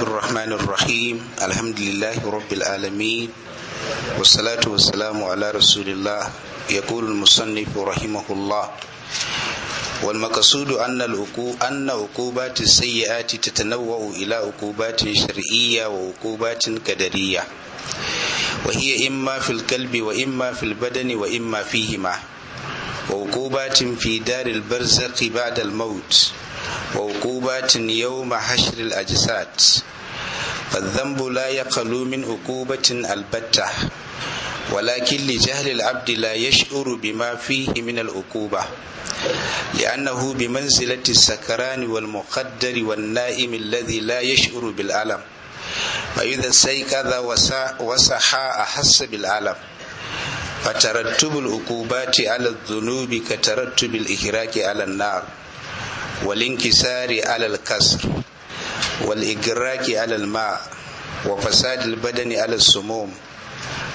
الرحمن الرحيم الحمد لله رب العالمين والصلاة والسلام على رسول الله يقول المصنف رحمه الله والمقصود أن أن عقوبات السيئات تتنوع إلى عقوبات شرعية وعقوبات قدرية وهي إما في القلب وإما في البدن وإما فيهما وعقوبات في دار البرزق بعد الموت وعقوبات يوم حشر الأجساد فالذنب لا يقل من عقوبة البتة ولكن لجهل العبد لا يشعر بما فيه من العقوبة لأنه بمنزلة السكران والمقدر والنائم الذي لا يشعر بالألم فإذا استيقظ وصحى أحس بالألم فترتب العقوبات على الذنوب كترتب الإحراق على النار والانكسار على الكسر والإجراك على الماء وفساد البدن على السموم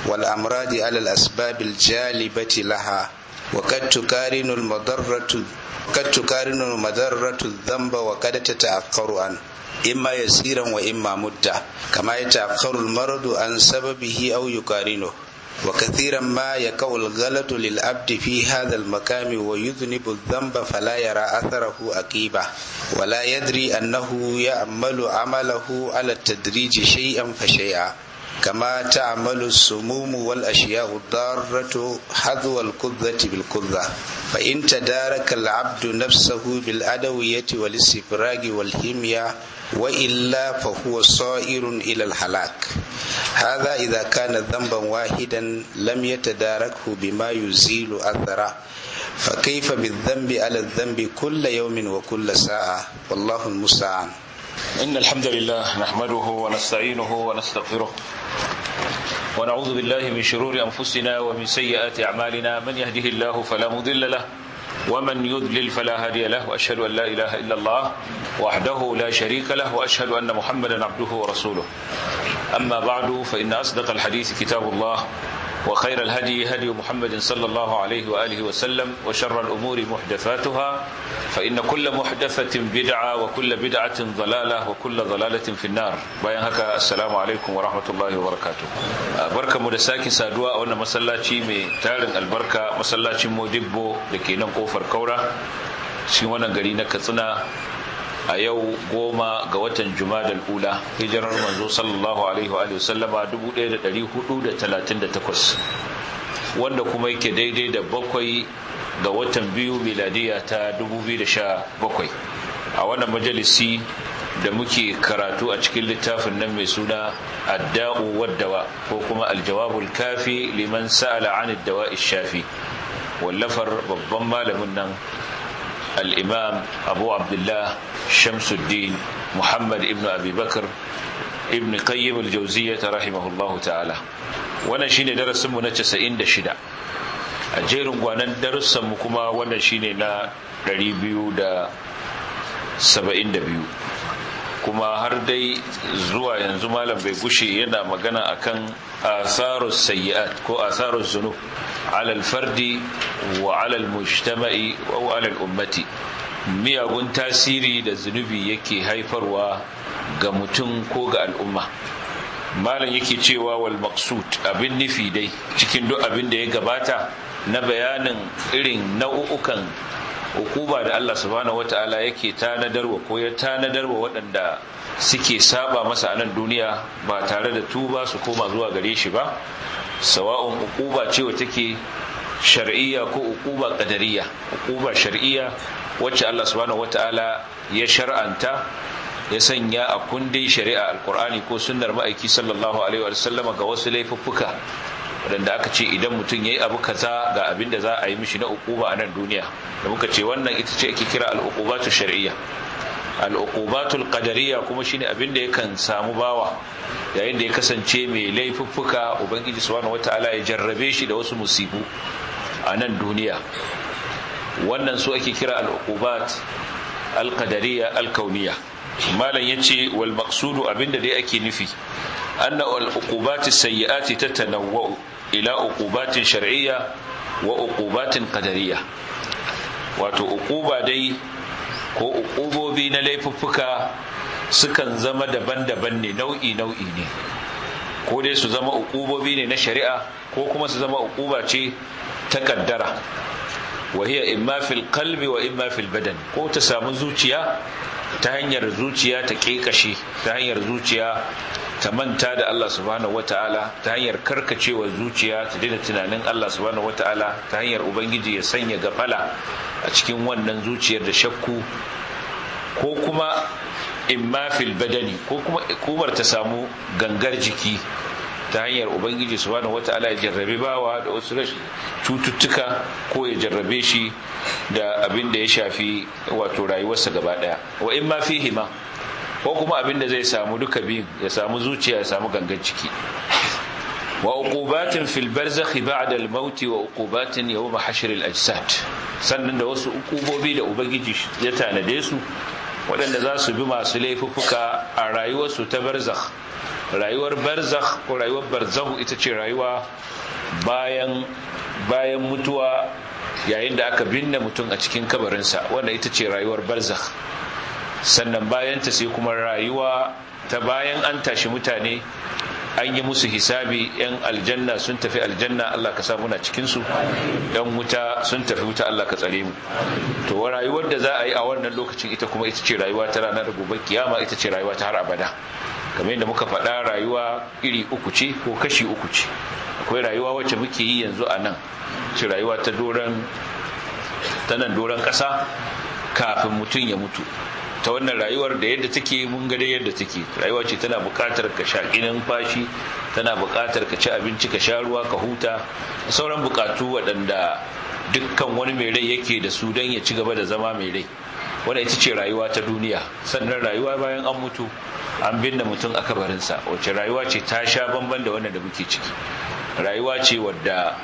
والأمراض على الأسباب الجالبة لها وقد تقارن المضرة قد تقارن المضرة الذنب وقد تتأخر عنه إما يسيرا وإما مدة كما يتأخر المرض عن سببه أو يقارنه وكثيرا ما يقع الغلط للعبد في هذا المقام ويذنب الذنب فلا يرى أثره أكيبا ولا يدري أنه يعمل عمله على التدريج شيئا فشيئا كما تعمل السموم والأشياء الضارة حذو القذة بالقذة فإن تدارك العبد نفسه بالأدوية والاستفراج والهمية وإلا فهو صائر إلى الهلاك هذا إذا كان ذنبا واحدا لم يتداركه بما يزيل أثره فكيف بالذنب على الذنب كل يوم وكل ساعة والله المستعان إن الحمد لله نحمده ونستعينه ونستغفره ونعوذ بالله من شرور أنفسنا ومن سيئات أعمالنا من يهده الله فلا مضل له ومن يذلل فلا هادي له وأشهد أن لا إله إلا الله وحده لا شريك له وأشهد أن محمدا عبده ورسوله أما بعد فإن أصدق الحديث كتاب الله وخير الهدي هدي محمد صلى الله عليه وآله وسلم وشر الأمور محدثاتها فإن كل محدثة بدعة وكل بدعة ضلالة وكل ضلالة في النار بيان هكا السلام عليكم ورحمة الله وبركاته بركة مدساكي سادوا وانا مسلاتي مي تارن البركة مسلاتي مودبو لكي ننقوفر كورا شي وانا قرينا كثنا a yau goma ga watan jumadal ula hijirar manzo sallallahu alaihi wa sallama 1438 wanda kuma yake daidai da bakwai ga watan biyu miladiya ta 2017 a wannan majalisi da muke karatu a cikin littafin nan mai suna adda'u waddawa ko kuma aljawabul kafi liman sa'ala an dawa'i shafi wallafar babban malamin nan الإمام أبو عبد الله شمس الدين محمد ابن أبي بكر ابن قيم الجوزية رحمه الله تعالى وانا شيني درس منا تسعين دشدا أجيرون وانا درس مكما وانا شيني نا ريبيو دا سبعين دبيو kuma har dai zuwa yanzu malam bai gushe yana magana akan asarar sayyi'at ko asarar zunub alal fardi wa alal mujtama'i wa alal ummati miyagun tasiri da zunubi yake haifarwa ga mutum ko ga al'umma malam yake cewa wal maqsud abin nufi dai cikin duk abin da ya gabata na bayanin irin nau'ukan hukuba da Allah subhanahu wata'ala yake tanadarwa ko ya tanadarwa waɗanda suke saba masa a nan duniya ba tare da tuba su koma zuwa gare shi ba sawa'un hukuba ce wacce take shar'iyya ko hukuba qadariyya hukuba shar'iyya wacce Allah subhanahu wata'ala ya shar'anta ya sanya a kundin shari'a Alƙur'ani ko sunnar ma'aiki sallallahu alaihi wa sallama ga wasu laifuffuka Waɗanda aka ce idan mutum yayi abu kaza ga abin da za a yi mishi na ukuba a nan duniya da muka ce wannan ita ce ake kira al-uqubatu shar'iyya al qadariyya kuma shine abin da yakan samu bawa yayin da ya kasance mai laifuffuka ubangiji subhanahu wataala ya jarrabe shi da wasu musibu a nan duniya wannan su ake kira al-uqubat al-qadariyya al-kauniyya malam yace wal maqsudu abinda dai ake nufi anna al-uqubat as-sayyi'ati tatanawwa'u ila uqubatin shar'iyya wa uqubatin qadariyya wato uquba dai ko uqubobi na laifuffuka sukan zama daban-daban ne nau'i nau'i ne ko dai su zama uqubobi ne na shari'a ko kuma su zama uquba ce ta kaddara wahiya imma fil qalbi wa imma fil badan ko ta samu zuciya ta hanyar zuciya ta kekashe ta hanyar zuciya ta manta da Allah subhanahu wataala ta hanyar karkacewa zuciya ta daina tunanin Allah subhanahu wataala ta hanyar ubangiji ya sanya gafala a cikin wannan zuciyar da shakku ko kuma imma fil badani ko kuma kubar ta samu gangar jiki ta hanyar ubangiji subhanahu wataala ya jarrabe bawa da wasu cututtuka ko ya jarrabe shi da abin da ya shafi wato rayuwarsa gaba daya wa imma fihi ma ko kuma abin da zai samu duka biyun ya samu zuciya ya samu gangan ciki wa uqubatin fil barzakh ba'da al maut wa uqubatin yawm hashr al ajsad sannan da wasu ukubobi da ubangiji ya tanade su waɗanda za su bi masu laifuffuka a rayuwarsu ta barzakh rayuwar barzakh ko rayuwar barzahu ita ce rayuwa bayan bayan mutuwa yayin da aka binne mutum a cikin kabarinsa wanda ita ce rayuwar barzakh sannan bayanta sai kuma rayuwa ta bayan an tashi mutane an yi musu hisabi yan aljanna sun tafi aljanna Allah ka sa muna cikin su yan wuta sun tafi wuta Allah ka tsare mu to rayuwar da za a yi a wannan lokacin ita kuma ita ce rayuwa ta ranar gobe kiyama ita ce rayuwa ta har abada kamar yadda muka faɗa rayuwa iri uku ce ko kashi uku ce akwai rayuwa wacce muke yi yanzu a nan ce rayuwa ta doron ta nan doron ƙasa kafin mutum ya mutu ta wannan rayuwar da yadda take mun ga dai yadda take rayuwa ce tana buƙatar ka ginin fashi, tana buƙatar ka ci abinci ka sha ruwa ka huta sauran buƙatu waɗanda dukkan wani mai rai yake da su don ya ci gaba da zama mai rai wanda ita ce rayuwa ta duniya sannan rayuwa bayan an mutu an binne mutum a kabarinsa wacce rayuwa ce ta sha bamban da wannan da muke ciki rayuwa ce wadda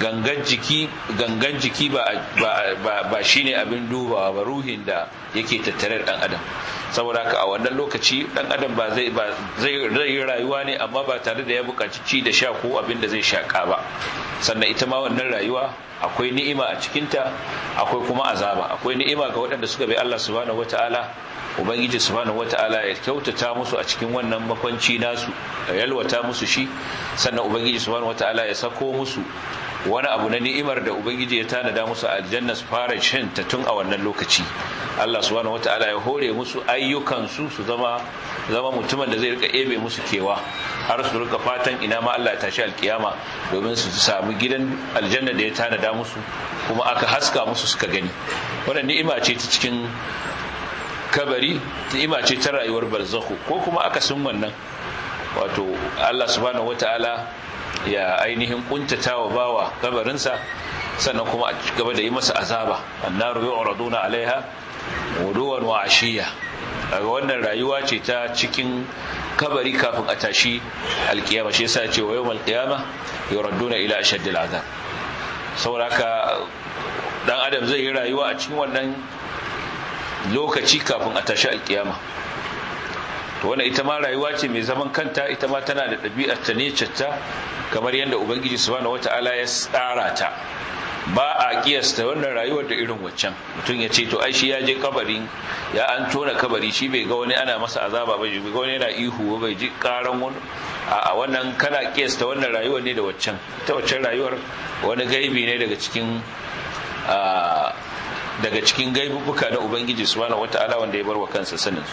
gangan jiki gangan ba ba ne abin duba ba ruhin da yake tattare ɗan adam saboda haka a wannan lokaci dan adam ba zai ba rayuwa ne amma ba tare da ya buƙaci ci da sha ko abin da zai shaƙa ba sannan ita ma wannan rayuwa akwai ni'ima a cikinta akwai kuma azaba akwai ni'ima ga waɗanda suka bi Allah subhanahu wataala ubangiji subhanahu wata'ala ya kyautata musu a cikin wannan makwanci nasu ya yalwata musu shi sannan ubangiji subhanahu wata'ala ya sako musu wani abu na ni'imar da ubangiji ya tanada musu aljanna su fara shin ta tun a wannan lokaci Allah subhanahu wata'ala ya hore musu ayyukan su su zama zama mutumin da zai rika ebe musu kewa har su rika fatan ina ma Allah ya tashi alkiyama domin su samu gidan aljanna da ya tanada musu kuma aka haska musu suka gani wannan ni'ima ce ta cikin kabari ni'ima ce ta rayuwar barzakhu ko kuma akasin wannan wato Allah subhanahu wataala ya ainihin wa bawa kabarinsa sannan kuma a gaba da yi masa azaba annaru yu'raduna alaiha wuduwan wa ashiya daga wannan rayuwa ce ta cikin kabari kafin a tashi alkiyama shi yasa ce wa yawmal qiyama yuradduna ila ashaddil azab saboda dan adam zai yi rayuwa a cikin wannan lokaci kafin a tashi alkiyama to wannan ita ma rayuwa ce mai zaman kanta ita ma tana da ɗabi'ar ta ne catta kamar yadda ubangiji subhanahu wata'ala ya tsara ta ba a kiyasta wannan rayuwar da irin waccan mutum ya ce to ai shi ya je kabarin ya an tona kabari shi bai ga wani ana masa azaba ba bai ga wani yana ihu bai ji karan wani a wannan kana kiyasta wannan rayuwar ne da waccan ta waccan rayuwar wani gaibi ne daga cikin ah, daga cikin gaibubuka na ubangiji subhanahu wata'ala wanda ya bar wa kansa sanin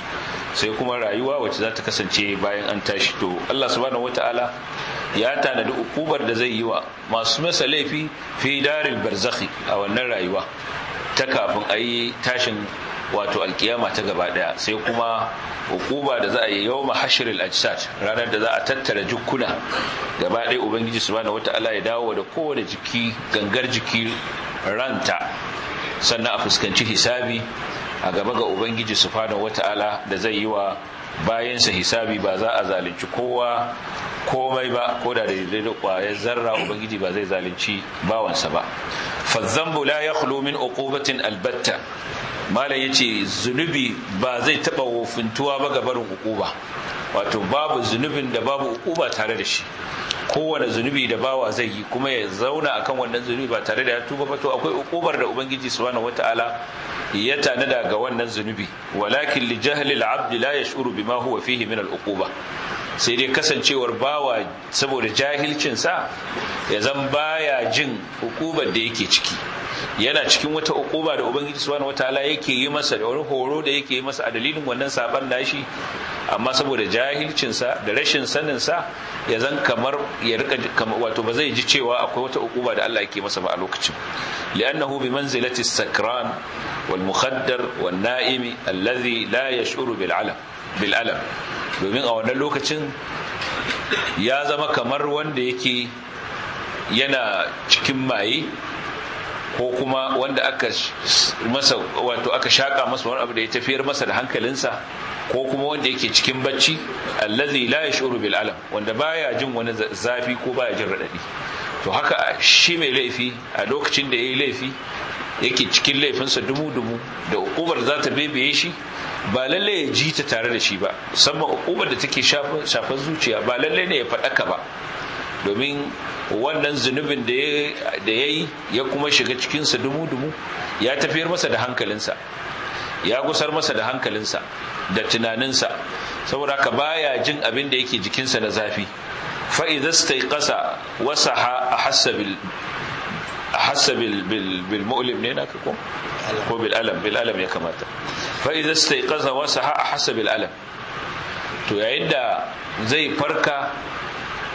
su sai kuma rayuwa wacce za ta kasance bayan an tashi to Allah subhanahu wata'ala ya tanadi ukubar da zai yi wa masu masa laifi fi daril barzakhi a wannan rayuwa ta kafin a yi tashin wato alkiyama ta gaba daya sai kuma ukuba da za a yi yau mahashiril ajsad ranar da za a tattara jukkuna gaba ɗaya ubangiji subhanahu wataala ya dawo da kowane jiki gangar jiki ranta sannan a fuskanci hisabi a gaba ga ubangiji wata ala da zai yi wa bayansa hisabi ba za a zalunci kowa komai ba ko da daidai da kwayar zarra ubangiji ba zai zalunci bawansa ba fazzambu la ya min uqubatin albatta malam yace zunubi ba zai taba wofintuwa ba ga barin wato babu zunubin da babu ukuba tare da shi kowane zunubi da bawa zai yi kuma ya zauna akan wannan zunubi ba tare da ya tuba ba to akwai ukubar da ubangiji subhanahu wataala ya tanada ga wannan zunubi walakin li jahli al-abd la yash'uru bima huwa fihi min al-uquba sai dai kasancewar bawa saboda jahilcin sa ya zan baya jin ukubar da yake ciki yana cikin wata ukuba da ubangiji subhanahu wataala yake yi masa da wani horo da yake yi masa a dalilin wannan saban nashi amma saboda jahilcinsa da rashin saninsa ya zan kamar ya rika wato ba zai ji cewa akwai wata ukuba da Allah yake masa ba a lokacin li'annahu bi manzilati sakran wal mukhaddar wan na'imi alladhi la yash'uru bil alam bil alam domin a wannan lokacin ya zama kamar wanda yake yana cikin maye ko kuma wanda aka masa wato aka shaka masa wani abu da ya tafiyar masa da hankalinsa ko kuma wanda yake cikin bacci allazi la yashuru bil alam wanda baya jin wani zafi ko baya jin radadi to haka shi mai laifi a lokacin da yayi laifi yake cikin laifinsa dubu dubu da ukubar za ta bebeye shi ba lalle ya ji ta tare da shi ba musamman ukubar da take shafan zuciya ba lalle ne ya faɗaka ba domin wannan zunubin da ya yi ya kuma shiga cikinsa dumu-dumu ya tafiyar masa da hankalinsa ya gusar masa da hankalinsa da tunaninsa saboda ka baya jin abin da yake jikinsa na zafi fa ƙasa stayqasa wasaha a bil ahassa bil bil mu'lim ne na? ko ko bil alam bil alam ya kamata fa idza stayqasa wasaha a bil alam to yayin da zai farka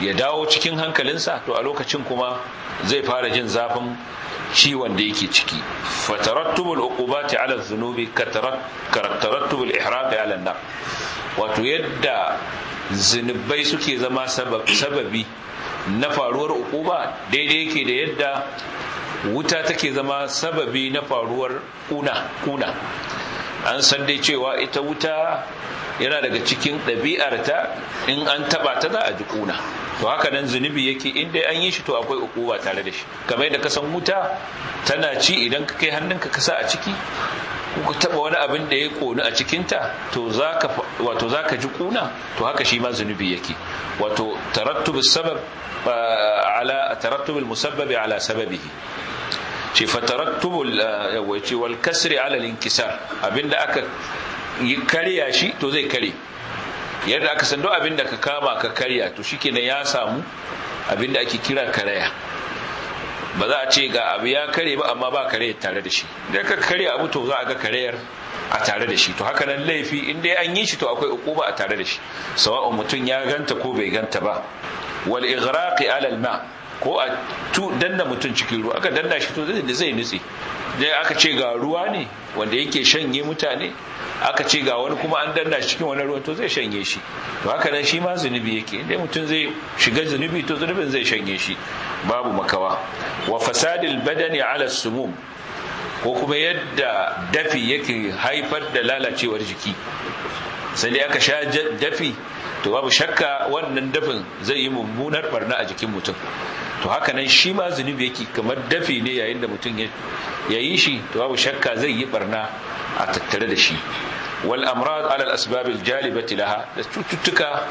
ya dawo cikin hankalinsa to a lokacin kuma zai fara jin zafin ciwon da yake ciki fatarattubul uqubati ala dhunubi katarattubul ihraqi ala nar wato yadda zunubai suke zama sababi na faruwar uquba daidai yake da yadda wuta take zama sababi na faruwar kuna kuna an san dai cewa ita wuta yana daga cikin ɗabi'arta in an taɓa ta za a ji ƙuna to haka nan zunubi yake in dai an yi shi to akwai ukuwa tare da shi kamar da kasan wuta tana ci idan ka kai hannunka ka sa a ciki ka taɓa wani abin da ya koni a cikinta to zaka wato ji kuna to haka shi ma zunubi yake wato tarattub sabab eh, ala tarattub musabbab ala sababihi ce fa tarattub eh, wal kasri ala al-inkisar abinda aka karya shi to zai kare yadda aka san abin da ka kama ka karya to kenan ya samu abin da ake kira karaya ba za a ce ga abu ya kare ba amma ba kare tare da shi da ka kare abu to za a ga karayar a tare da shi to haka nan laifi in dai an yi shi to akwai ukuba a tare da shi sawa'un mutum ya ganta ko bai ganta ba wal igraqi ala ma ko a tu danna mutum cikin ruwa aka danna shi to zai nutse dai aka ce ga ruwa ne wanda yake shanye mutane aka ce ga wani kuma an danna cikin wani ruwa to zai shanye shi to haka nan shi ma zunubi yake dai mutum zai shiga zunubi to zunubin zai shanye shi babu makawa wa fasadil badani ala sumum ko kuma yadda dafi yake haifar da lalacewar jiki sai dai aka sha dafi to babu shakka wannan dafin zai yi mummunar barna a jikin mutum to haka nan shi ma zunubi yake kamar dafi ne yayin da mutum ya yi shi to babu shakka zai yi barna a tattare da shi wal amrad ala al asbab al jalibati laha da cututtuka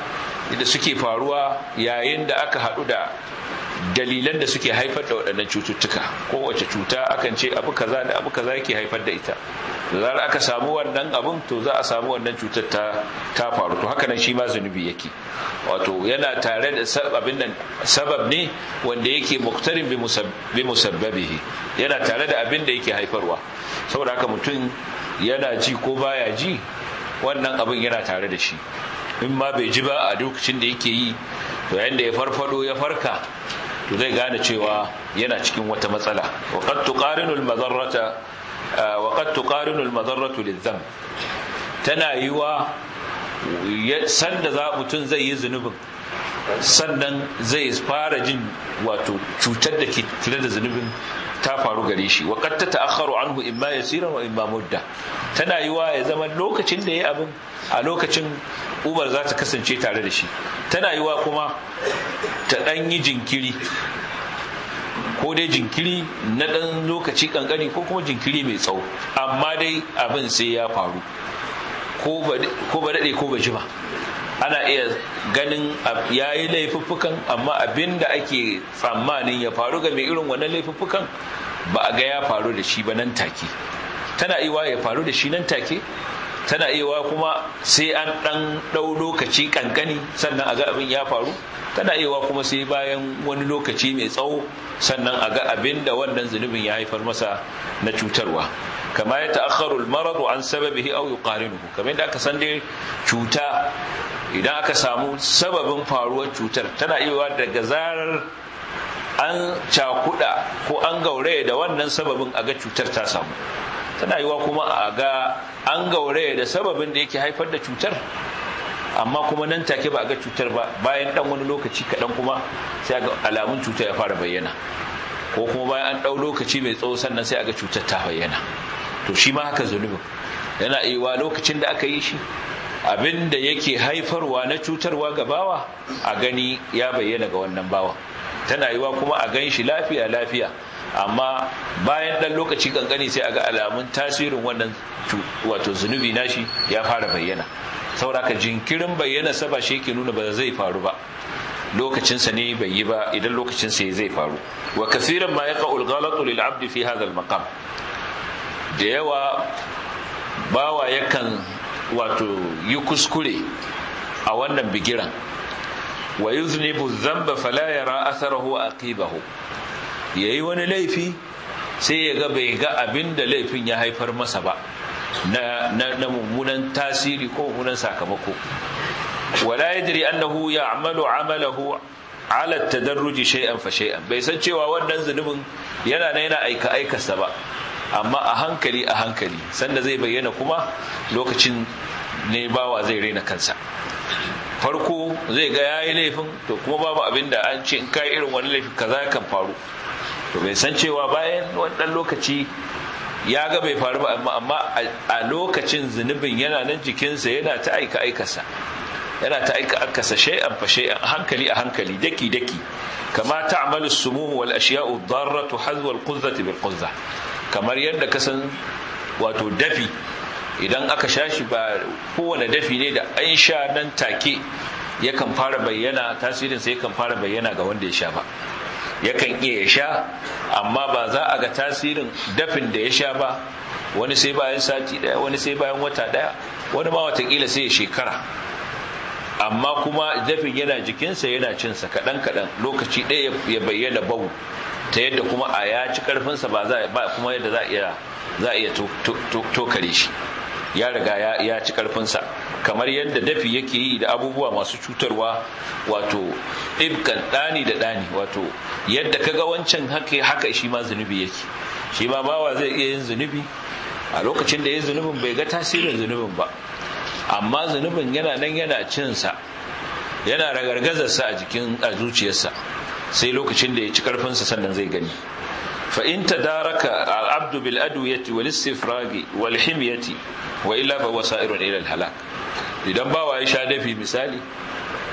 da suke faruwa yayin da aka haɗu da dalilan da suke haifar da waɗannan cututtuka kowace cuta akan ce abu kaza da abu kaza yake haifar da ita da zarar aka samu wannan abun to za a samu wannan cutar ta faru to haka nan shi ma zunubi yake wato yana tare da sababin nan sabab ne wanda yake muktarin bi musabbabihi yana tare da abin da yake haifarwa saboda haka mutum yana ji ko baya ji wannan abin yana tare da shi in ma bai ji ba a lokacin da yake yi to yayin da ya farfado ya farka to zai gane cewa yana cikin wata matsala wa qad tuqarinu al-madarrata wa qad madarratu lidh tana yiwa sanda za zai yi zunubin sannan zai fara jin wato cutar da ke tare da zunubin ta faru gare shi wa qad tata'akhkharu anhu imma yasiran wa imma mudda tana yiwa ya zama lokacin da yi abin a lokacin ubar za ta kasance tare da shi tana yiwa kuma ta ɗan yi jinkiri ko dai jinkiri na ɗan lokaci ƙanƙani ko kuma jinkiri mai tsawo amma dai abin sai ya faru ko ba daɗe ko ba jima ana iya ganin ya yi laifuffukan amma abin da ake tsammanin ya faru ga mai irin wannan laifuffukan ba a ga ya faru da shi ba nan take tana iwa ya faru da shi nan take tana iya kuma sai an dan dau lokaci kankani sannan a ga abin ya faru tana iya kuma sai bayan wani lokaci mai tsawo sannan a ga abin da wannan zunubin ya haifar masa na cutarwa kama ya ta'akharu al-marad an sababihi aw yuqarinuhu kamar yadda aka san dai cuta idan aka samu sababin faruwar cutar tana iya daga zarar an cakuda ko an gauraya da wannan sababin a ga cutar ta samu tana yiwa kuma a ga an gauraya da sababin da yake haifar da cutar amma kuma nan take ba a ga cutar ba bayan dan wani lokaci kaɗan kuma sai ga alamun cutar ya fara bayyana ko kuma bayan an ɗau lokaci mai tsawo sannan sai a ga cutar ta bayyana to shi ma haka zunubin yana iwa lokacin da aka yi shi abin da yake haifarwa na cutarwa ga bawa a gani ya bayyana ga wannan bawa tana yiwa kuma a gan shi lafiya lafiya amma bayan ɗan lokaci kankani sai a ga alamun tasirin wannan wato zunubi nashi ya fara bayyana sauraka jinkirin bayyana saba shi ke nuna ba zai faru ba lokacinsa ne bai yi ba idan lokacinsa zai faru wa kasiran ma yaqa al lil 'abdi fi hadha al-maqam da yawa bawa yakan wato yi kuskure a wannan bigiran wa yuznibu dhanba fala yara atharahu aqibahu ya yi wani laifi sai ya ga bai ga abin da laifin ya haifar masa ba na mummunan tasiri ko mummunan sakamako wala ya yadri annahu ya'malu amalahu ala ruji shay'an fa shay'an bai san cewa wannan zunubin yana na yana aika aikarsa ba amma a hankali a hankali sanda zai bayyana kuma lokacin ne bawa zai rena kansa farko zai ga yayi laifin to kuma babu abin da an ce in kai irin wani laifin kaza kan faru to bai san cewa bayan wannan lokaci ya ga bai faru ba amma a lokacin zunubin yana nan jikinsa yana ta aika aikasa yana ta aika aikasa shay'an fa shay'an hankali a hankali daki daki kama ta'malu sumum wal ashiya'u darratu hazwa al ta bil quzza kamar yadda ka san wato dafi idan aka sha shi ba kowane dafi ne da an sha nan take yakan fara bayyana tasirin sa yakan fara bayyana ga wanda ya sha ba yakan iya ya sha amma ba za a ga tasirin dafin da ya sha ba wani sai bayan sati daya wani sai bayan wata daya wani ma watakila sai ya shekara amma kuma dafin yana jikinsa yana cinsa kaɗan-kaɗan lokaci ɗaya ya bayyana bau ta yadda kuma a ya ci ƙarfinsa ba kuma yadda za a iya tokare shi ya riga ya ci ƙarfinsa kamar yadda dafi yake yi da abubuwa masu cutarwa wato ibkan ɗani da ɗani wato yadda kaga wancan haka haka shi ma zunubi yake shi ma bawa zai iya yin zunubi a lokacin da ya zunubin bai ga tasirin zunubin ba amma zunubin yana nan yana cinsa yana ragargazarsa a jikin a zuciyarsa sai lokacin da ya ci karfinsa sannan zai gani Daraka fa فإن تدارك العبد بالأدوية والاستفراغ والحمية وإلا فهو ila al halak idan bawa ya sha dafi misali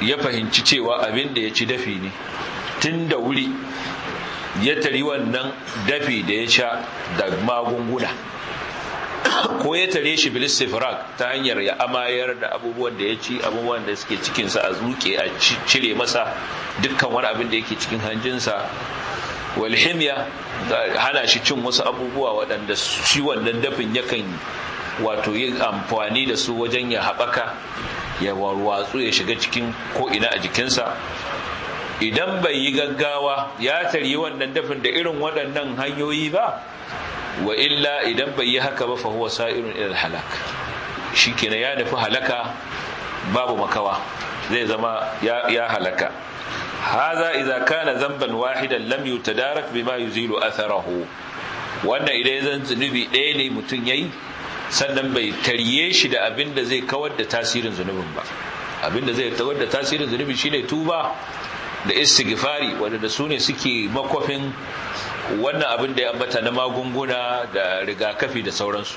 ya fahimci cewa abin da ya ci dafi ne tun da wuri ya tari wannan dafi da ya sha da magunguna ko ya tare shi bilisifrak ta hanyar ya amayar da abubuwan da ya ci abubuwan da suke cikinsa a zuke a cire masa dukkan wani abin da yake cikin hanjinsa walhimiya hana shi cin wasu abubuwa waɗanda shi wannan dafin yakan wato yin amfani da su wajen ya haɓaka ya warwatsu ya shiga cikin ko'ina a jikinsa idan bai yi gaggawa ya tari wannan dafin da irin waɗannan hanyoyi ba wa illa idan bai yi haka ba fahuwa sa'irin ilal halak shi kenan ya nufi halaka babu makawa zai zama ya halaka haza idza kana zamban wahidan lam yutadarak bima yuzilu atharahu wannan idan zan zunubi ɗaya ne mutum yayi sannan bai tarye shi da abin da zai kawar da tasirin zunubin ba abin da zai kawar da tasirin zunubi shine tuba da istighfari wanda da su ne suke makofin wannan abin da ya ambata na magunguna da rigakafi da sauransu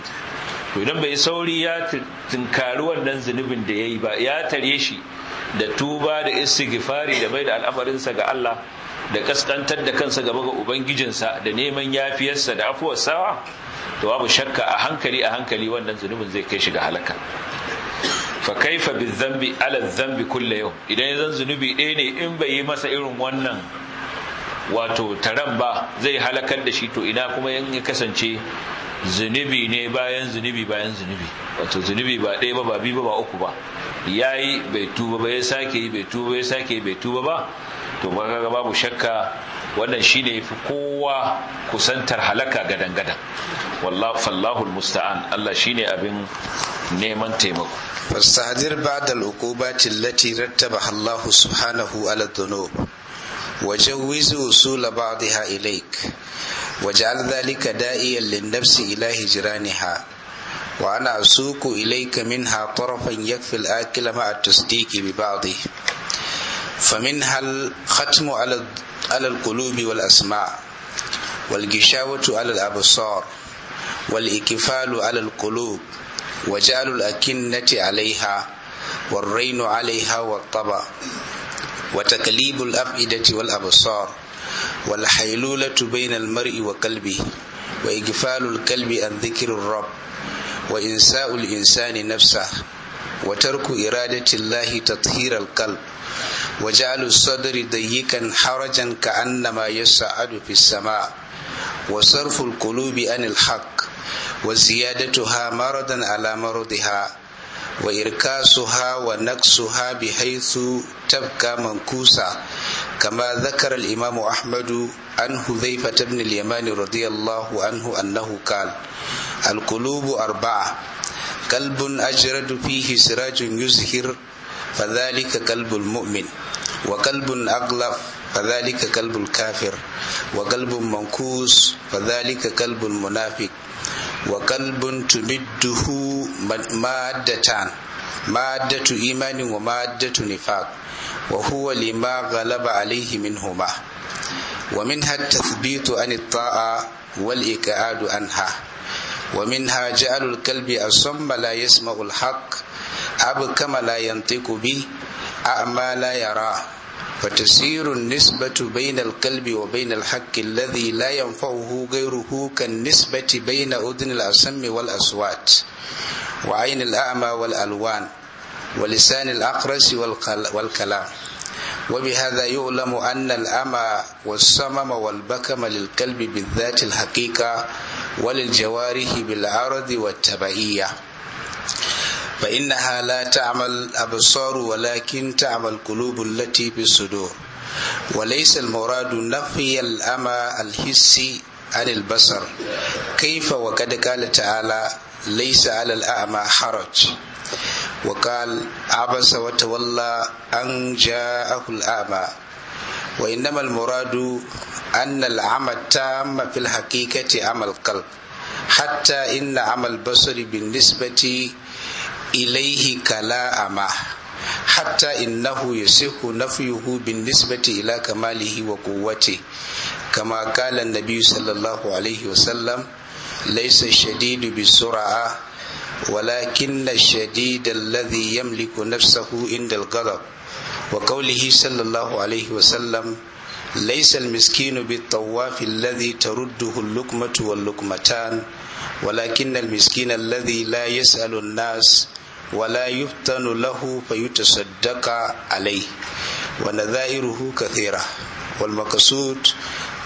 to idan bai sauri ya tinkari wannan zunubin da yayi ba ya tare shi da tuba da istighfari da bai da al'amarinsa ga Allah da kaskantar da kansa gaba ga ubangijinsa da neman yafiyarsa da afuwarsa to babu shakka a hankali a hankali wannan zunubin zai kai shi ga halaka fa kaifa zambi ala zambi kullu yau idan ya zunubi ɗaya ne in bai yi masa irin wannan wato taran ba zai halakar da shi to ina kuma in ya kasance zunubi ne bayan zunubi bayan zunubi wato zunubi ba ɗaya ba ba biyu ba ba uku ba ya yi bai tuba ba ya sake yi bai tuba ya sake yi bai tuba ba to ba babu shakka wannan shine yafi kowa kusantar halaka gadan gadan wallahi fallahul musta'an Allah ne abin neman taimako fastadir ba'da al waje allati rattabaha Allah subhanahu ala dhunub وجوز وصول بعضها إليك وجعل ذلك دائيا للنفس إلى هجرانها وأنا أسوق إليك منها طرفا يكفي الآكل مع fa min hal الختم على على القلوب والأسماع والغشاوة على الأبصار والإكفال على القلوب وجعل الأكنة عليها والرين عليها والطبع وتكليب الأفئدة والأبصار والحيلولة بين المرء وقلبه وإقفال القلب عن ذكر الرب وإنساء الإنسان نفسه وترك إرادة الله تطهير القلب وجعلوا الصدر ضيقا حرجا كأنما يصعد في السماء وصرف القلوب عن الحق وزيادتها مرضا على مرضها وإركاسها ونقصها بحيث تبقى منكوسة كما ذكر الإمام أحمد عن حذيفة بن اليمان رضي الله عنه أنه قال القلوب أربعة قلب أجرد فيه سراج يزهر فذلك كلب المؤمن وكلب أغلف فذلك كلب الكافر وكلب منكوس فذلك كلب المنافق وكلب تمده مادتان مادة إيمان ومادة نفاق وهو لما غلب عليه منهما ومنها التثبيت عن الطاعة والإكعاد عنها ومنها جعل الكلب أصم لا يسمع الحق أب كما لا ينطق به أعمى لا يراه فتسير النسبة بين القلب وبين الحق الذي لا ينفعه غيره كالنسبة بين أذن الأسم والأصوات وعين الأعمى والألوان ولسان الأقرس والكلام وبهذا يعلم أن الأمى والصمم والبكم للقلب بالذات الحقيقة وللجوارح بالعرض والتبعية فإنها لا تعمل أبصار ولكن تعمل القلوب التي في الصدور وليس المراد نفي الأمى الحسي عن البصر كيف وقد قال تعالى ليس على الأعمى حرج وقال عبس وتولى أن جاءه الأعمى وإنما المراد أن العمى التام في الحقيقة عمل القلب حتى إن عمل البصر بالنسبة ilaihi kala ama hatta innahu yusihu nafyuhu bin ila kamalihi wa kuwati kama kala nabi sallallahu alaihi wasallam laisa shadidu bi sura'a walakin shadid alladhi yamliku nafsahu inda al-ghadab wa qawlihi sallallahu alaihi wasallam ليس المسكين بالطواف الذي ترده اللقمة واللقمتان ولكن المسكين الذي لا يسأل الناس wala yuftanu lahu fayutasaddaqa alai wa nadhairuhu kathira wal maqsud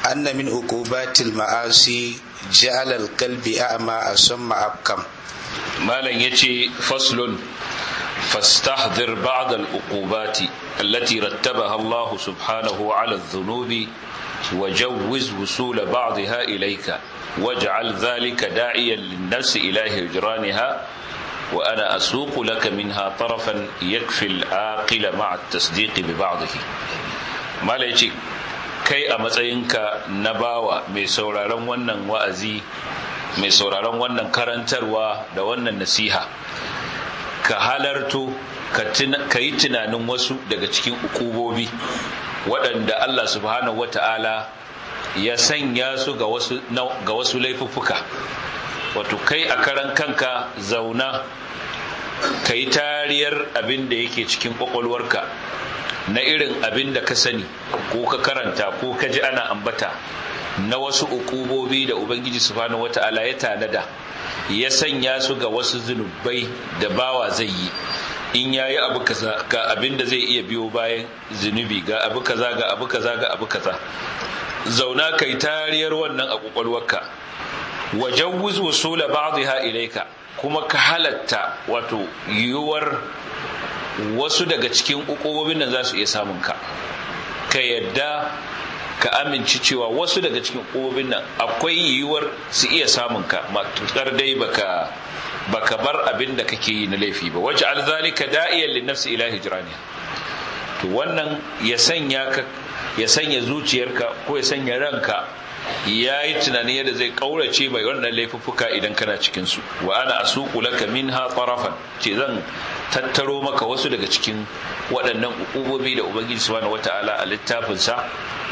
anna min uqubatil ma'asi ja'ala al qalbi a'ma asamma abkam malan yace faslun فاستحضر بعض العقوبات التي رتبها الله سبحانه على الذنوب وجوز وصول بعضها إليك واجعل ذلك داعيا للنفس إلى هجرانها wa ana asuku laka min ha tarafan yakfil aqila ma'a tasdiq bi ba'dhihi malaiki kai a matsayinka na bawa mai sauraron wannan wa'azi mai sauraron wannan karantarwa da wannan nasiha ka halartu ka yi tunanin wasu daga cikin ukubobi waɗanda Allah subhanahu wa ta'ala ya sanya su ga wasu laifuka wato kai a karan kanka zauna ka yi tariyar abin da yake cikin kwakwalwarka na irin abin da ka sani ko ka karanta ko ka ji ana ambata na wasu ukubobi da ubangiji subhanahu wata'ala ya tanada ya sanya su ga wasu zunubai da bawa zai yi in ya yi abu kaza ga abin da zai iya biyo bayan zunubi ga abu kaza ga abu kaza ga abu kaza zauna kai tariyar wannan a kwakwalwarka wa jawwiz wusula ba'dha ilayka kuma ka halatta wato yiwuwar wasu daga cikin ukubobin nan za su iya samun ka ka yadda ka amince cewa wasu daga cikin ukubobin nan akwai yiwuwar su iya samun ka matukar dai baka baka bar abin da kake yi na laifi ba waje alzalika da'iyan lin nafsi ila hijrani to wannan ya sanya ka ya sanya zuciyarka ko ya sanya ranka ya yi tunanin yadda zai kaurace mai wannan laifuffuka idan kana cikinsu wa ana asuku laka minha tarafan ce zan tattaro maka wasu daga cikin waɗannan ukubobi da ubangiji subhanahu wata'ala a littafinsa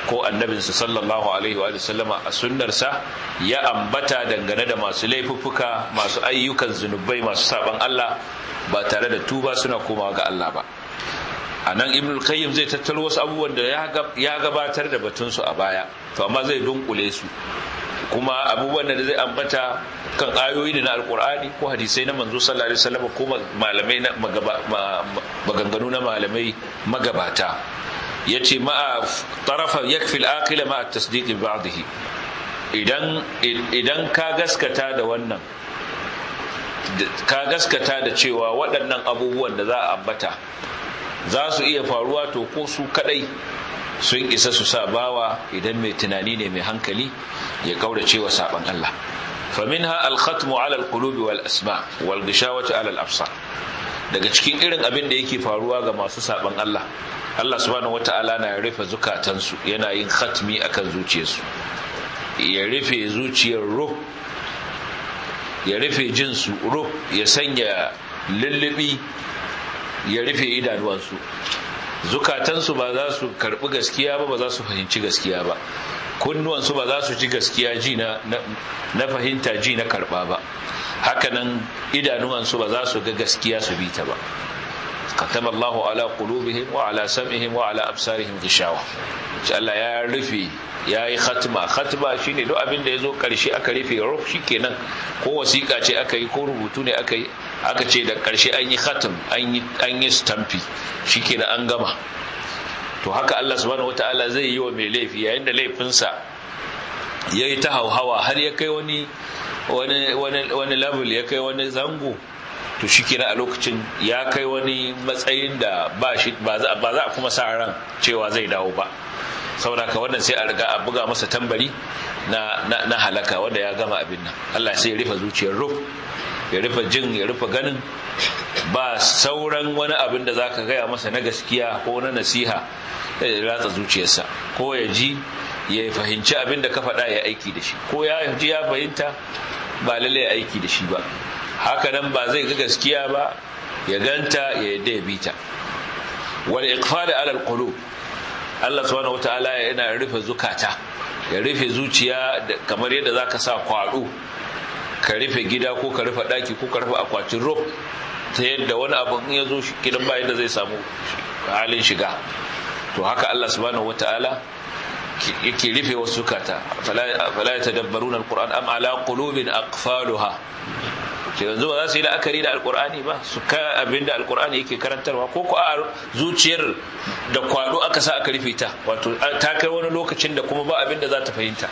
ko annabinsa sallallahu alaihi wa sallama a sunnarsa ya ambata dangane da masu laifuffuka masu ayyukan zunubai masu saban Allah ba tare da tuba suna komawa ga Allah ba a nan ibn qayyim zai tattalo wasu abubuwan da ya gabatar da batunsu a baya to amma zai dunkule su kuma abubuwan da zai ambata kan ayoyi ne na alkur'ani ko hadisai na manzo sallallahu alaihi wasallam ko malamai na maganganu na malamai magabata yace ma tarafa yakfil aqila ma at-tasdiq ba'dihi idan idan ka gaskata da wannan ka gaskata da cewa waɗannan abubuwan da za a ambata za su iya faruwa to ko su kadai sun isa su sa bawa idan mai tunani ne mai hankali ya kaura cewa saban Allah ala alqulubi wal القلوب wal gishawati ala الابصار daga cikin irin abin da yake faruwa ga masu saban Allah Allah subhanahu wata'ala na rufe zukatansu yana yin khatmi akan zuciyarsu ya rufe zuciyar ruh ya rufe jinsu ruh ya sanya lullubi ya rufe idanuwansu zukatansu ba za su karbi gaskiya ba ba za su fahimci gaskiya ba kunnuwansu ba za su ji gaskiya ji na, na fahimta ji na karba ba hakanan idanuwansu ba za su ga gaskiya su bita ba katama Allahu ala qulubihim wa ala sam'ihim wa ala absarihim gishawa insha Allah ya rufe ya yi khatma khatma shine duk abin da zo karshe aka rufe ruf shikenan ko wasiƙa ce aka yi ko rubutu ne aka yi aka ce da ƙarshe an yi khatim an yi stampi shi ke an gama to haka Allah subhanahu wata'ala zai yi wa mai laifi yayin da laifinsa ya yi ta hauhawa har ya kai wani wani level ya kai wani zango to shi a lokacin ya kai wani matsayin da ba ba za a kuma sa ran cewa zai dawo ba saboda ka wannan sai a riga a buga masa tambari na halaka wanda ya gama abin nan Allah sai ya rufe zuciyar rufe ya rufe jin ya rufe ganin ba sauran wani abin da zaka gaya masa na gaskiya ko na nasiha da ya ratsa zuciyarsa ko ya ji ya fahimci abin da ka faɗa ya aiki da shi ko ya ji ya fahimta ba lalle ya aiki da shi ba haka nan ba zai ga gaskiya ba ya ganta ya yadda ya bita wal iqfal ala al qulub Allah subhanahu wataala yana rufe zukata ya rufe zuciya kamar yadda zaka sa kwaɗo. ka rufe gida ko ka rufe daki ko ka rufe akwatin rof ta yadda wani abu in ya zo gidan ba yadda zai samu halin shiga to haka Allah subhanahu wataala yake rufe wasu kata fala ya tadabbarun alquran am ala qulubin aqfaluha ce yanzu ba za su yi la'akari da alqurani ba su ka abinda alqurani yake karantarwa ko ko a zuciyar da kwado aka sa aka rufe ta wato ta kai wani lokacin da kuma ba abinda za ta fahimta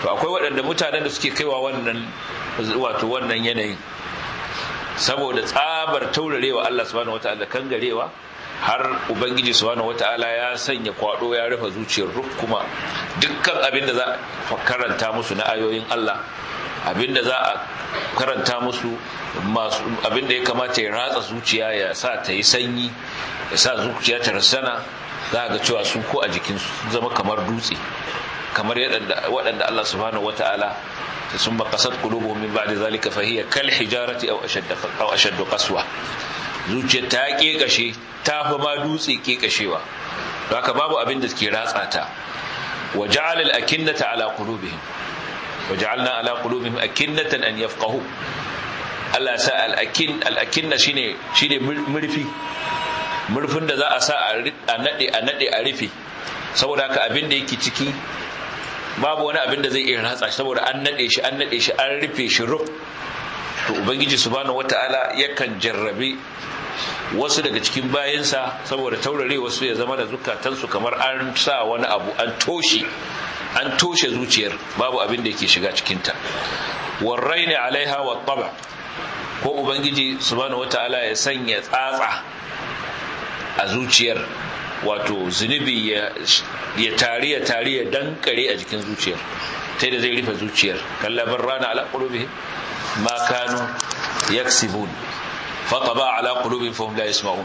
to akwai waɗanda mutanen da suke kaiwa wannan wato wannan yanayin saboda tsabar taurarewa Allah subhanahu wataala kangarewa har ubangiji subhanahu wataala ya sanya kwado ya rufe zuciyar ruk kuma dukkan abin da za a karanta musu na ayoyin Allah abin da za a karanta musu abin da ya kamata ya ratsa zuciya ya sa ta yi sanyi ya sa zuciya ta rasana za a ga cewa su ko a jikin zama kamar dutse kamar waɗanda Allah subhanahu wata'ala ta sun ba kasar kulubu min ba'da zalika fa hiya kal hijarati aw ashadda aw ashaddu qaswa zuciya ta kekashe ta fa ma dutse kekashewa haka babu abin da ke ratsa ta wa ja'ala al akinnata ala qulubihim wa ja'alna ala qulubihim akinnatan an yafqahu Allah sa al akin al akinna shine shine murfi murfin da za a sa a nade a nade a rufe saboda haka abin da yake ciki babu wani abin da zai iya ratsa shi saboda an nade shi an nade shi an rufe shi ruf to ubangiji subhanahu wata'ala yakan jarrabe wasu daga cikin bayansa saboda taurare wasu ya zama da zukatansu kamar an sa wani abu an toshe an toshe zuciyar babu abin da yake shiga cikinta ne alaiha wa taba ko ubangiji subhanahu wata'ala ya sanya tsatsa a zuciyar wato zunubi ya tari ya tari ya dankare a jikin zuciyar ta da zai rufe zuciyar kallabar rana ala qulubi ma kanu yaksibun fa taba ala qulubin fa hum la yasma'un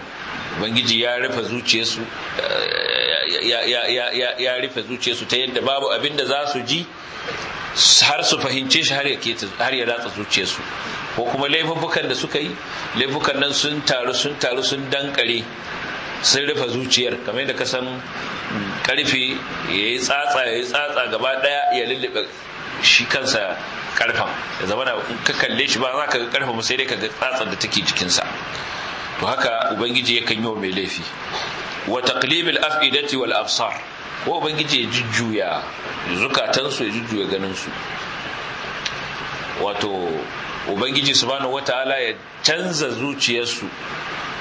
ubangiji ya rufe zuciyarsu eh, ya rufe ta yadda babu abinda za su ji har su fahimce shi har ya ratsa zuciyarsu ko kuma laifukan da suka yi laifukan nan sun taru sun taru sun dankare sun rufe zuciyar kamar yadda ka san karfe ya yi tsatsa ya yi tsatsa gaba daya ya lullube shi kansa karfan ya zama ka kalle shi ba za ka ga karfan sai dai ka ga tsatsar da take jikinsa to haka ubangiji yakan yi wa mai laifi wa taqlibil af'idati wal absar ko ubangiji ya jujjuya zukatansu ya jujjuya ganin su wato ubangiji subhanahu wataala ya canza zuciyarsu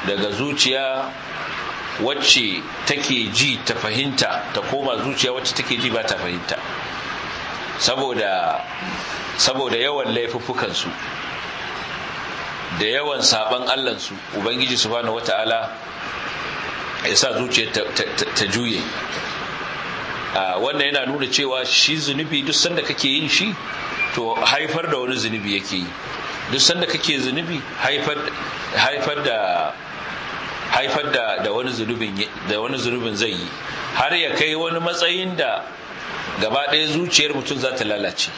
daga zuciya wacce take ji ta fahimta ta koma zuciya wacce take ji ba ta fahimta saboda saboda yawan laifuffukansu da yawan saban allansu ubangiji subhanahu wata'ala ya sa zuciya ta juye wannan yana nuna cewa shi zunubi duk sanda kake yin shi to haifar da wani zunubi yake yi duk sanda kake zunubi haifar da haifar da wani zunubin da zai yi har ya kai wani matsayin da gaba ɗaya zuciyar mutum za ta lalace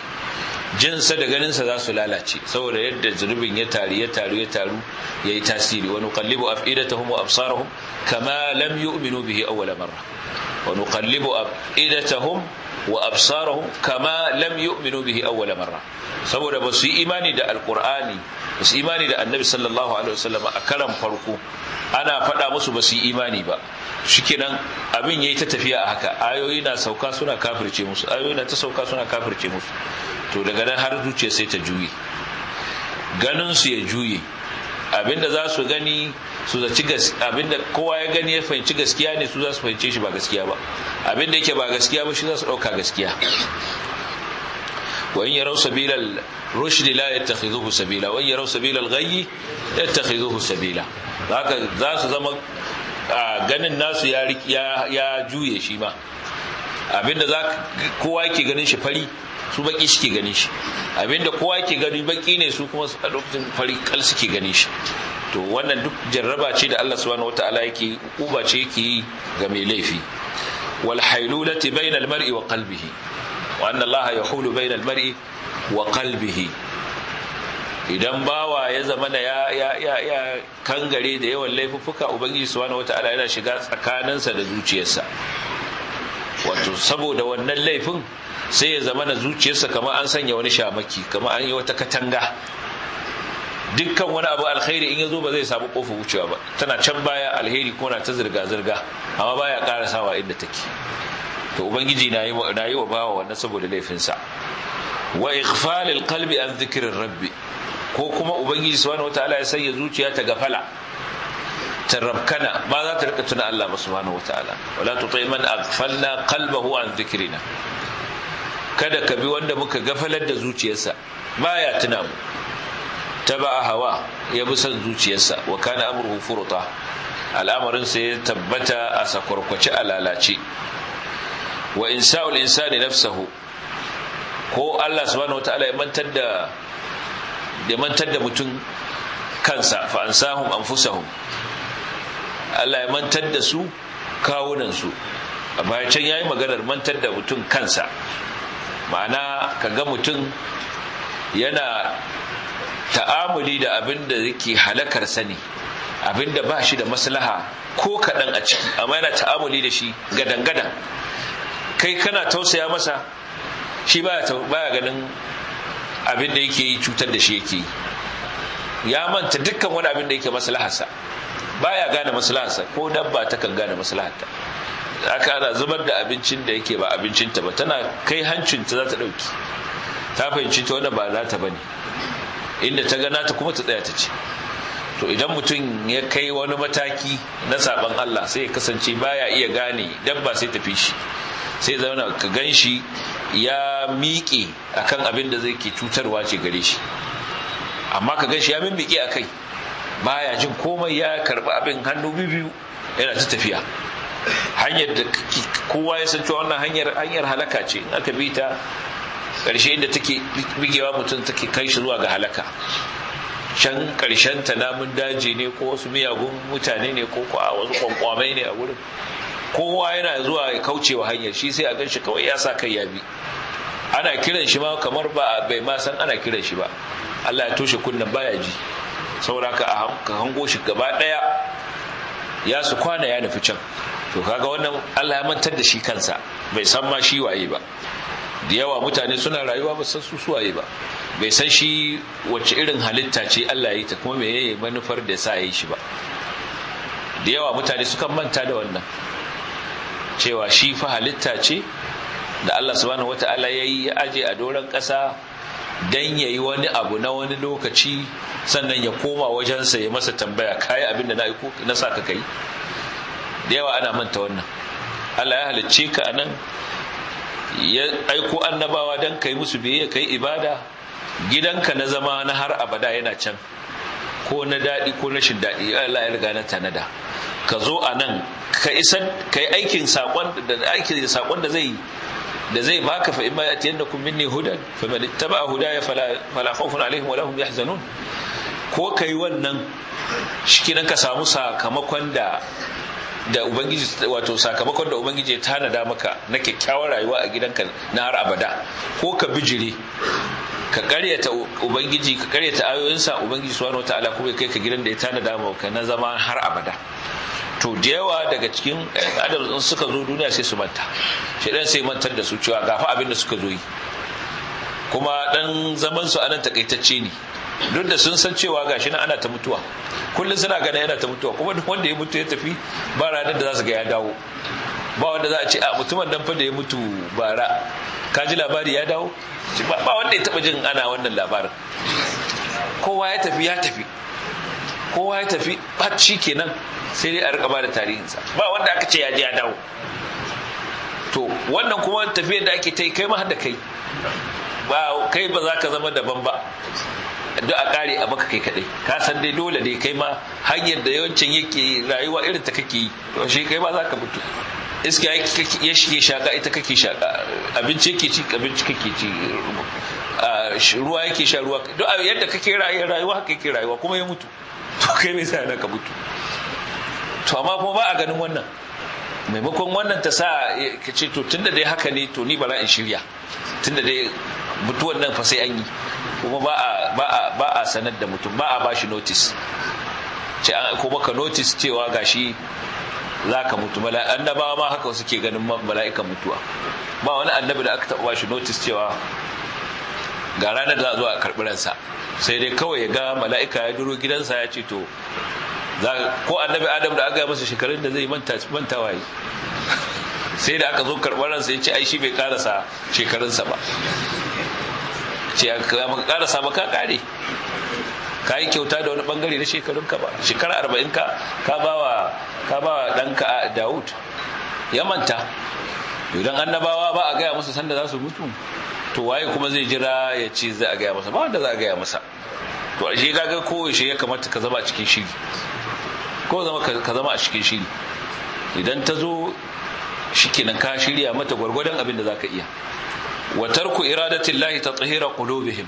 jinsa da ganinsa za su lalace saboda yadda zunubin ya taru ya taru ya taru ya yi tasiri wani kallibu af'idatahum wa absarahum kama lam yu'minu bihi awwala marra wani kallibu hum wa absarahum kama lam yu'minu bihi awwala marra saboda ba su yi imani da alqur'ani Basu su imani da annabi sallallahu alaihi wasallam a karan farko ana faɗa musu ba su yi imani ba shikenan abin yayi ta tafiya a haka ayoyi na sauka suna kafirce musu ayoyi na ta sauka suna kafirce musu to daga nan har zuciya sai ta juye ganin su ya juye abinda za su gani su zaci abinda kowa ya gani ya fahimci gaskiya ne su za su fahimce shi ba gaskiya ba abinda yake ba gaskiya ba shi za su ɗauka gaskiya wa in yaraw sabilal rushd la yattakhidhuhu sabila wa in yaraw sabilal ghayy yattakhidhuhu sabila za su zama ganin nasu ya ya juye shi ma abinda za kowa yake ganin shi fari su baki ke ganin shi abinda kowa ke gani baki ne su kuma a lokacin fari kal suke ganin shi to wannan duk jarraba ce da Allah subhanahu wataala yake kuba ce yake yi ga mai laifi wal hailulati bainal mar'i wa qalbihi wa anna allaha yahulu bainal mar'i wa qalbihi idan bawa ya zama da ya ya ya ya kangare da yawan laifuffuka ubangiji subhanahu wataala yana shiga tsakaninsa da zuciyarsa wato saboda wannan laifin sai ya zama na zuciyarsa kamar an sanya wani shamaki kamar an yi wata katanga dukkan wani abu alkhairi in ya zo ba zai samu kofa wucewa ba tana can baya alheri ko na ta zirga-zirga amma baya ƙara sawa inda take to ubangiji na yi wa bawa wannan saboda laifinsa wa ighfalil qalbi an dhikrir rabbi ko kuma ubangiji subhanahu wataala ya sanya zuciya ta gafala ta rabkana ba za ta rika tuna Allah ba subhanahu wataala wala tuti man aghfalna qalbahu an dhikrina kada ka bi wanda muka gafalar da zuciyarsa baya tuna mu taba hawa ya bi son zuciyarsa wa kana amruhu furuta al'amarin sa ya tabbata a sakwarkwace a lalace wa insa'ul insani nafsahu ko Allah subhanahu wataala ya mantar da ya mantar da mutum kansa fa ansahum anfusahum Allah ya mantar da su kawunan su amma can yayi maganar mantar da mutum kansa ma'ana kaga mutum yana ta'amuli da abin da yake halakar sani abin da ba shi da maslaha ko kaɗan a ciki amma yana ta'amuli da shi gadan-gadan kai kana tausaya masa shi baya ganin abin da yake yi cutar da shi yake yi ya manta dukkan wani abin da yake ba baya gane maslahasa ko dabba takan gane maslahata aka ana zubar da abincin da yake ba abincinta ba tana kai hancin ta za ta ɗauki ta fahimci ta wanda ba za ta bane inda ta gana ta kuma ta tsaya ta ce to idan mutum ya kai wani mataki na saban Allah sai ya kasance baya iya gane dabba sai ta fi shi sai zauna ka gan shi ya miƙe kan abin da zai ke cutarwa ce gare shi amma ka gan shi ya mimmiƙe a kai baya jin komai ya karɓi abin hannu biyu yana ta tafiya hanyar da kowa ya san cewa wannan hanyar hanyar halaka ce in aka bi ta ƙarshe inda take bigewa mutum take kai shi zuwa ga halaka can ƙarshen ta namun daji ne ko wasu miyagun mutane ne ko kwa wasu kwankwamai ne a wurin kowa yana zuwa ya kaucewa hanyar shi sai a gan shi kawai ya sa kai ya bi ana kiran shi ma kamar ba bai ma san ana kiran shi ba Allah ya toshe kunnan baya ji saboda ka hango shi gaba daya ya su kwana ya nufi can to kaga wannan Allah ya mantar da shi kansa bai san ma shi waye ba da yawa mutane suna rayuwa ba san su suwaye ba bai san shi wacce irin halitta ce Allah ya yi ta kuma me manufar da sa ya yi shi ba da yawa mutane sukan manta da wannan cewa shi fa halitta ce da Allah subhanahu wata'ala ya yi ya aje a doron ƙasa don ya yi wani abu na wani lokaci sannan ya koma wajensa ya masa tambaya kayi abin da na na sa ka kai da yawa ana manta wannan Allah ya halicce ka anan, nan ya aiko annabawa don ka yi musu biyayya ka yi ibada gidanka na zama na har abada yana can ko na daɗi ko na shin daɗi Allah ya riga na tanada ka zo a nan ka isar ka yi aikin saƙon da aikin saƙon da zai da zai baka fa imma yatiyannakum minni hudan faman ittaba hudaya fala fala khawfun alaihim wala hum yahzanun ko kai wannan shikenan ka samu sakamakon da da ubangiji wato sakamakon da ubangiji ya tanada maka na kyakkyawar rayuwa a gidanka na har abada ko ka bijire ka karyata ubangiji ka karyata ayoyinsa ubangiji subhanahu wataala kuma kai ka gidan da ya tanada maka na zama har abada to da yawa daga cikin eh, adam in suka zo duniya sai su manta dan sai mantar da su cewa gafa abin da suka zo yi kuma dan zaman su anan takaitacce ne duk da sun san cewa gashi na ana ta mutuwa kullum suna ganin yana ta mutuwa kuma duk wanda ya mutu ya tafi ba ranar da za su ga ya dawo ba wanda za a ce a mutumin dan fa da ya mutu bara ka ji labari ya dawo ba wanda ya taba jin ana wannan labarin kowa ya tafi ya tafi kowa ya tafi bacci kenan sai dai a rika ba da tarihinsa ba wanda aka ce ya ji ya dawo to wannan kuma tafiyar da ake ta yi kai ma har da kai ba kai ba za ka zama daban ba duk a kare a maka kai kadai ka san dai dole dai kai ma hanyar da yawancin yake rayuwa irin ta kake yi to shi kai ma zaka mutu iska ya shige shaka ita kake shaka abinci yake ci abinci kake ci ruwa yake sha ruwa duk yadda kake rayuwa haka yake rayuwa kuma ya mutu to kai me na ka mutu to amma kuma ba a ganin wannan maimakon wannan ta sa eh, ka ce to tunda dai haka ne to ni ba in shirya tunda dai mutuwan nan fa sai an yi kuma ba a ba a ba a sanar da mutum ba a shi notice ce an ah, ko baka notice cewa gashi za ka mutu annabawa ma haka suke ganin mala'ikan mutuwa ba wani annabi da aka taɓa shi notice cewa ga ranar za a zo a karɓi ransa sai dai kawai ya ga mala'ika ya duro gidansa ya ce to ko annabi adam da aka yi masa shekarun da zai manta waye sai da aka zo karɓar ransa ya ce ai shi bai karasa shekarunsa ba ce maka karasa ba ka kare ka yi kyauta da wani bangare na shekarunka ba shekara arba'in ka ka bawa ka a ɗanka Dawud ya manta idan annabawa ba a gaya masa sanda za su mutu to waye kuma zai jira ya ce za a gaya masa ba wanda za a gaya masa to ashe kaga koyaushe ya kamata ka zama a cikin shiri ko zama ka zama a cikin shiri idan ta zo shikenan ka shirya mata gwargwadon abin da zaka iya wa tarku iradatillahi tatahira qulubihim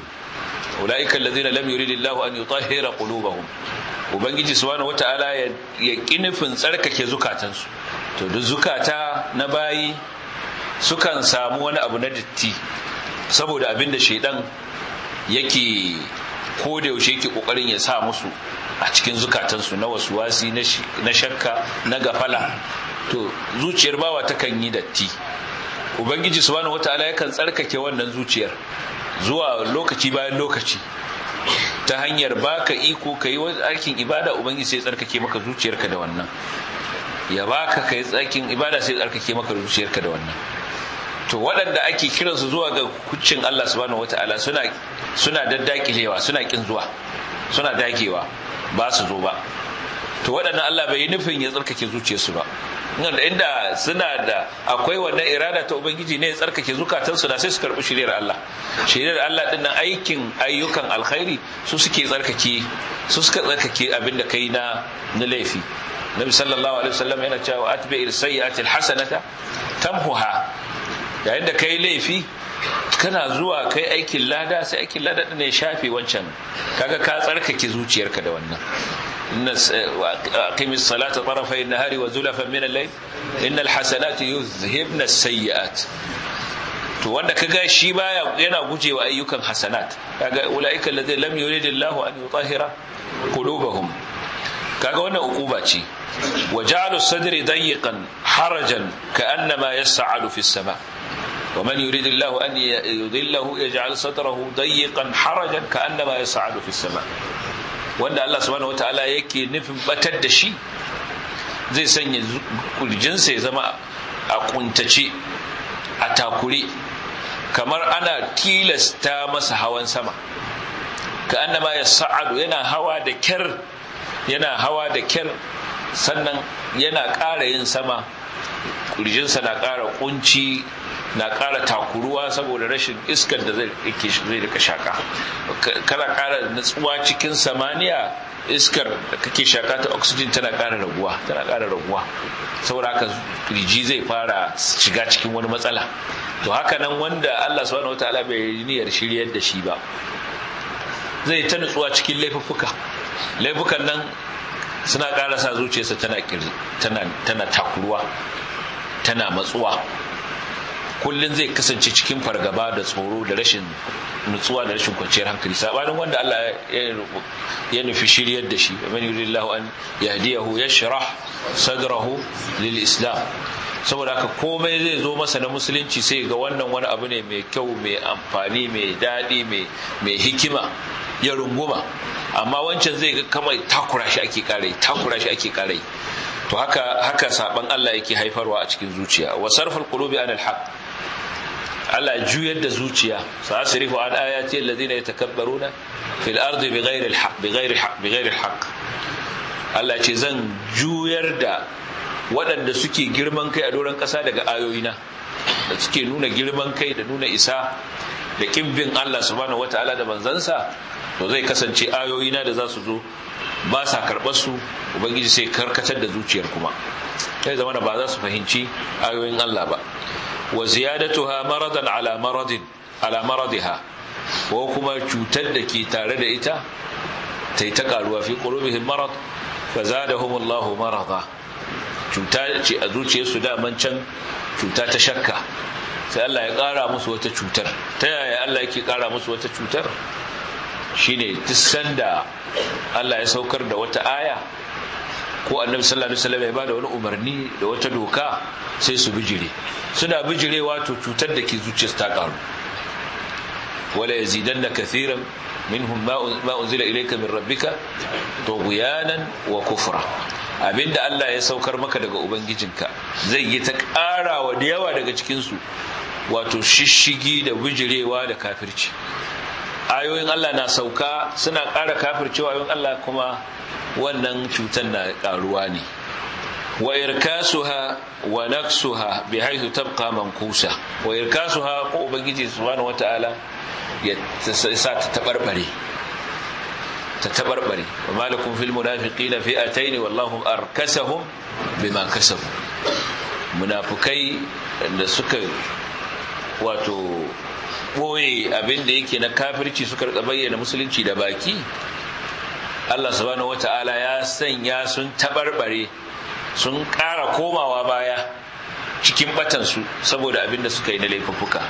ulaika alladhina lam yuridillahu an yutahhira qulubahum ubangiji subhanahu wataala ya kinifin tsarkake zukatansu to duk zukata na bayi sukan samu wani abu na datti saboda abin da shaidan yake ko da yaushe yake kokarin ya sa musu a cikin zukatansu na wasuwasi na shakka na gafala to zuciyar bawa takan yi datti ubangiji subhanahu wataala yakan tsarkake wannan zuciyar zuwa lokaci bayan lokaci ta hanyar baka iko ka yi aikin ibada ubangiji sai tsarkake maka zuciyarka da wannan ya baka ka tsakin ibada sai tsarkake maka zuciyarka da wannan to waɗanda ake kiransu zuwa ga kuccin Allah subhanahu wataala suna suna daddakilewa suna kin zuwa suna dagewa ba su zo ba to waɗannan Allah bai yi nufin ya tsarkake zuciyarsu ba inda suna da akwai wannan irada ta ubangiji ne ya tsarkake zukatansu da sai su karɓi shiriyar Allah shiriyar Allah din nan aikin ayyukan alkhairi su suke tsarkake su suka tsarkake abin da kai na na laifi nabi sallallahu alaihi wasallam yana cewa atbi sayyi'ati alhasanata tamhuha yayin da kai laifi kana zuwa kai aikin lada sai aikin lada ɗin ya shafe wancan kaga ka tsarkake zuciyarka da wannan أقم الصلاة طرفي النهار وزلفا Inna الليل إن الحسنات يذهبن السيئات to wanda kaga shi baya yana gujewa ayyukan hasanat kaga ulaika alladhina lam yuridillahu an yutahhira qulubahum kaga wannan ukuba ce ja'alu sadri dayiqan harajan ka'annama yas'alu fis sama' ومن يريد الله أن يضله يجعل صدره ضيقا حرجا كأنما يصعد في السماء wanda Allah subhanahu wataala yake nufin batar da shi zai sanya kurjinsa ya zama a ƙuntace, a takure kamar ana tilasta masa hawan sama ka annama ya sa'adu da kyar yana hawa da kyar sannan yana ƙara yin sama kurjinsa na ƙara kunci na ƙara takuruwa saboda rashin iskar da zai rika shaka kana ƙara natsuwa cikin samaniya iskar da kake shaka ta oxygen tana ƙara raguwa tana ƙara raguwa saboda haka kurji zai fara shiga cikin wani matsala to haka nan wanda Allah subhanahu wataala bai yi niyyar shiryar da shi ba zai ta nutsuwa cikin laifuffuka laifukan nan suna ƙara sa zuciyarsa tana tana takuruwa tana matsuwa kullum zai kasance cikin fargaba da tsoro da rashin nutsuwa da rashin kwanciyar hankali sabanin wanda Allah ya nufi shiryar da shi man yuridillahu an yahdiyahu yashrah sadrahu lil islam saboda haka komai zai zo masa na musulunci sai ga wannan wani abu ne mai kyau mai amfani mai daɗi mai hikima ya runguma amma wancan zai ga kamar takura shi ake karai takura shi ake karai to haka haka saban Allah yake haifarwa a cikin zuciya wa sarful qulubi an alhaq Allah juyar da zuciya sa asrifu an ayati alladhina yatakabbaruna fil ardi bighayri alhaq bighayri alhaq Allah ce zan juyar da waɗanda suke girman kai a doron ƙasa daga ayoyina da suke nuna girman kai da nuna isa da kimbin Allah subhanahu wataala da manzansa to zai kasance ayoyina da za su zo ba sa karɓar su ubangiji sai karkatar da zuciyar kuma sai zama da ba za su fahimci ayoyin Allah ba wa ziyadatuha maradan ala maradin ala maradiha ko kuma cutar da ke tare da ita ta yi ta karuwa fi qulubihim marad fa zadahum Allahu marada cuta ce a zuciyarsu da can cuta ta shakka sai Allah ya ƙara musu wata cutar ta yaya Allah yake ƙara musu wata cutar shine duk sanda Allah ya saukar da wata aya ko annabi sallallahu alaihi wasallam ya bada wani umarni da wata doka sai su bijire suna bijire to cutar da ke zuciyar ta karu wala na kathiran minhum ma unzila ilayka min rabbika tughyanan wa kufra abinda Allah ya saukar maka daga ubangijinka zai yi ta ƙara wa da yawa daga cikin su wato shishigi da bijirewa da kafirci ayoyin Allah na sauka suna ƙara kafircewa ayoyin Allah kuma wannan cutar na ƙaruwa ne wa irkasuha wa naqsuha bi haythu tabqa mankusa wa irkasuha ko ubangiji subhanahu wataala ya sa ta tabarbare ta tabarbare wa malakum fil munafiqina fi'atayn wallahu arkasahum bima kasabu munafikai da suka wato ɓoye abin da yake na kafirci suka rika bayyana musulunci da baki Allah subhanahu wata'ala ya sanya sun tabarbare sun ƙara komawa baya cikin batansu saboda abin da suka yi na laifuffuka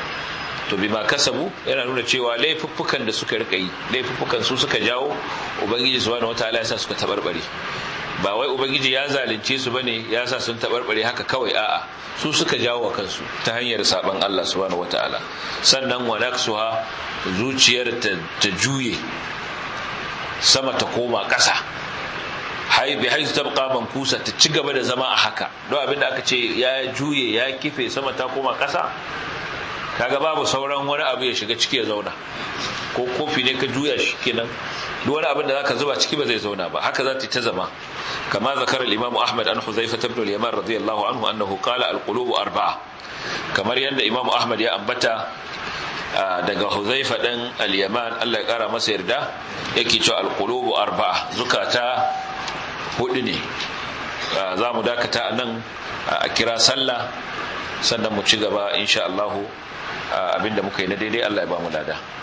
to bima kasabu yana nuna cewa laifuffukan da suka rika yi laifuffukan su suka jawo ubangiji subhanahu wataala yasa suka tabarbare ba wai ubangiji ya zalunce su bane ya sa sun tabarbare haka kawai a'a su suka jawo wa kansu ta hanyar saban Allah subhanahu wataala sannan wa naksuha zuciyar ta juye sama ta koma ƙasa hai bi haizu tabqa kusa ta ci gaba da zama a haka don abinda aka ce ya juye ya kife sama ta koma ƙasa kaga babu sauran wani abu ya shiga ciki ya zauna ko kofi ne ka juya shi kenan duk wani abin da zaka zuba ciki ba zai zauna ba haka za ta zama Kamar zakar al-imam ahmad an huzaifa ibn al-yaman radiyallahu anhu annahu qala al-qulubu arba'a kamar yadda imam ahmad ya ambata daga huzaifa dan al-yaman Allah ya kara masa yarda yake cewa al-qulubu arba'a zukata hudu ne za mu dakata nan a kira sallah sannan mu ci gaba insha Allah abinda muka yi na daidai Allah ya ba mu lada